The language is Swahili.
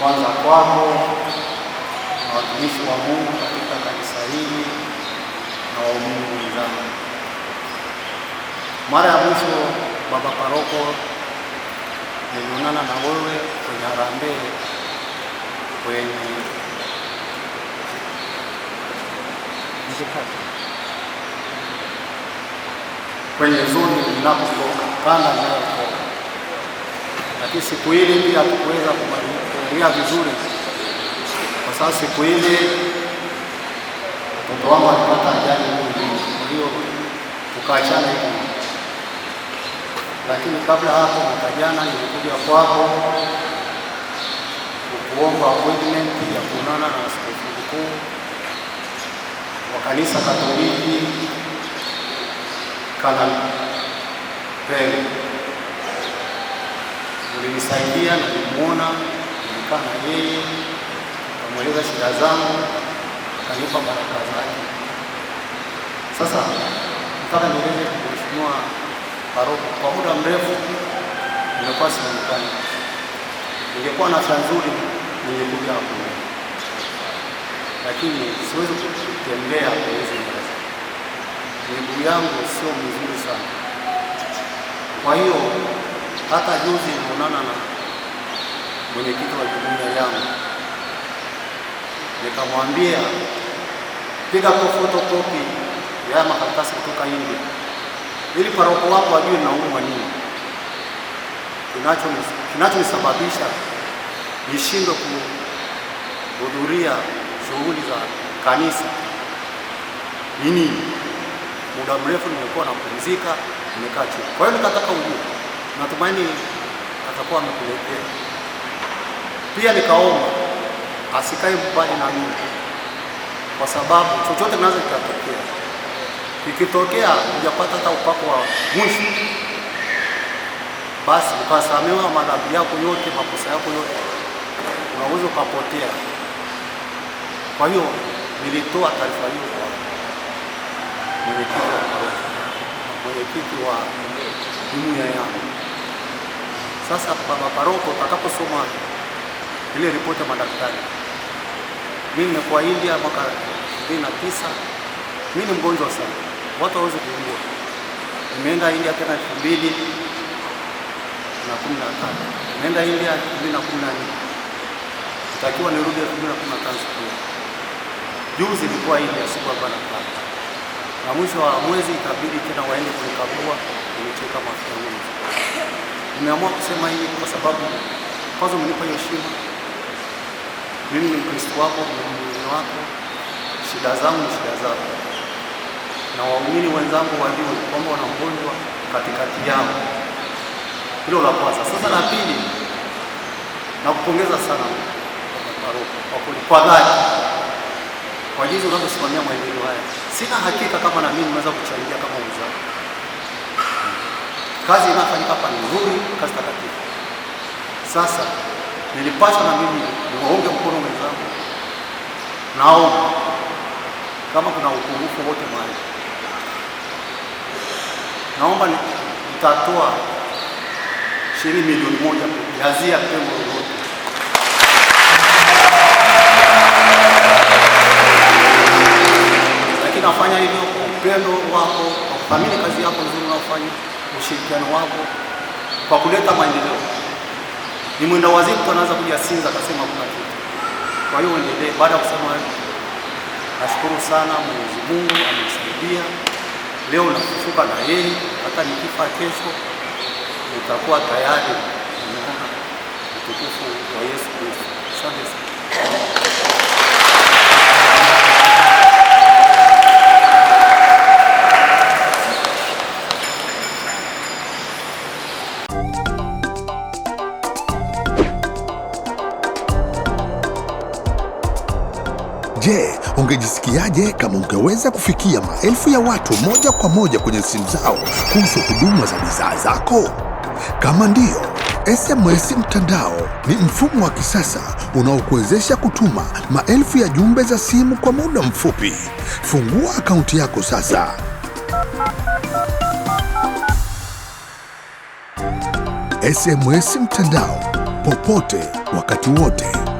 kwanza kwako na watumishi wa Mungu katika kanisa hili na waumini wenzangu. Mara ya mwisho baba paroko nilionana na wewe kwenye harambee kwenye kwenye zoni ninapotoka kanda ninayotoka, lakini siku ile pia hatukuweza kubadilika kuendelea vizuri, kwa sababu siku ile mtoto wangu alipata ajali kwa hiyo tukaachana hivi. Lakini kabla hapo, mwaka jana nilikuja kwako kuomba appointment ya kuonana na askofu mkuu wa kanisa Katoliki Kanampele, ulinisaidia na kumwona Nilikaa na yeye, kamweleza shida zangu, kanipa baraka zake. Sasa nataka nieleze Mheshimiwa Paroko, kwa muda mrefu nimekuwa sijulikani. Ningekuwa na afya nzuri ningekuja hapo, lakini siwezi kutembea kwa hizi ngazi, miguu yangu sio mizuri sana. Kwa hiyo hata juzi nionana na mwenyekiti wa jumuiya yangu, nikamwambia piga kwa fotokopi ya makaratasi kutoka India ili paroko wako wajue naumwa nini, kinachonisababisha nishindwe kuhudhuria shughuli za kanisa ni nini. Muda mrefu nimekuwa napumzika, nimekaa chini. Kwa hiyo nikataka ujue, natumaini atakuwa amekuletea pia nikaomba asikae mbali na mimi, kwa sababu chochote kinaweza kikatokea. Ikitokea hujapata hata upako wa mwisho, basi ukasamewa madhambi yako yote, makosa yako yote, unaweza ukapotea. Kwa hiyo nilitoa taarifa hiyo kwa mwenyekiti wa mwenyekiti wa jumuiya yangu. Sasa baba paroko utakaposoma ile ripoti ya madaktari. Mimi nimekuwa India mwaka 2009. Mimi ni mgonjwa sana, watu hawezi kuugua. Nimeenda India tena 2015, Nimeenda India 2014. Nitakiwa nirudi 2015 pia. Juzi nilikuwa India siku hapa na kaka. Na mwisho wa mwezi ikabidi tena waende kunikagua, nilicheka mafuta mengi. Nimeamua kusema hii kwa sababu kwanza umenipa heshima mimi ni Mkristo wako, mumini wako, shida zangu ni shida zako, na waumini wenzangu walio kwamba wana ugonjwa katikati yao. Hilo la kwanza. Sasa la pili, nakupongeza sana kwa dhati kwa jinsi unavyosimamia maendeleo haya. Sina hakika kama na mimi naweza kuchangia kama uza Kazi inafanyika hapa ni nzuri, kazi takatifu. Sasa nilipata na mimi niwaunge mkono wenzangu. Naomba kama kuna upungufu wote mahali, naomba nitatoa shilingi milioni moja yazia pengo nafanya hivyo upendo wako, kuthamini kazi yako nzuri unaofanya, ushirikiano wako kwa kuleta maendeleo ni mwenda wazimu, tu anaanza kuja Sinza akasema kuna kitu. Kwa hiyo endelee. Baada ya kusema hayo, nashukuru sana Mwenyezi Mungu amenisaidia leo, nafufuka na yeye. Hata nikifa kesho nitakuwa tayari utukufu wa Yesu Kristo. Asante sana. Je, ungejisikiaje kama ungeweza kufikia maelfu ya watu moja kwa moja kwenye simu zao kuhusu huduma za bidhaa zako? Kama ndiyo, SMS Mtandao ni mfumo wa kisasa unaokuwezesha kutuma maelfu ya jumbe za simu kwa muda mfupi. Fungua akaunti yako sasa. SMS Mtandao, popote wakati wote.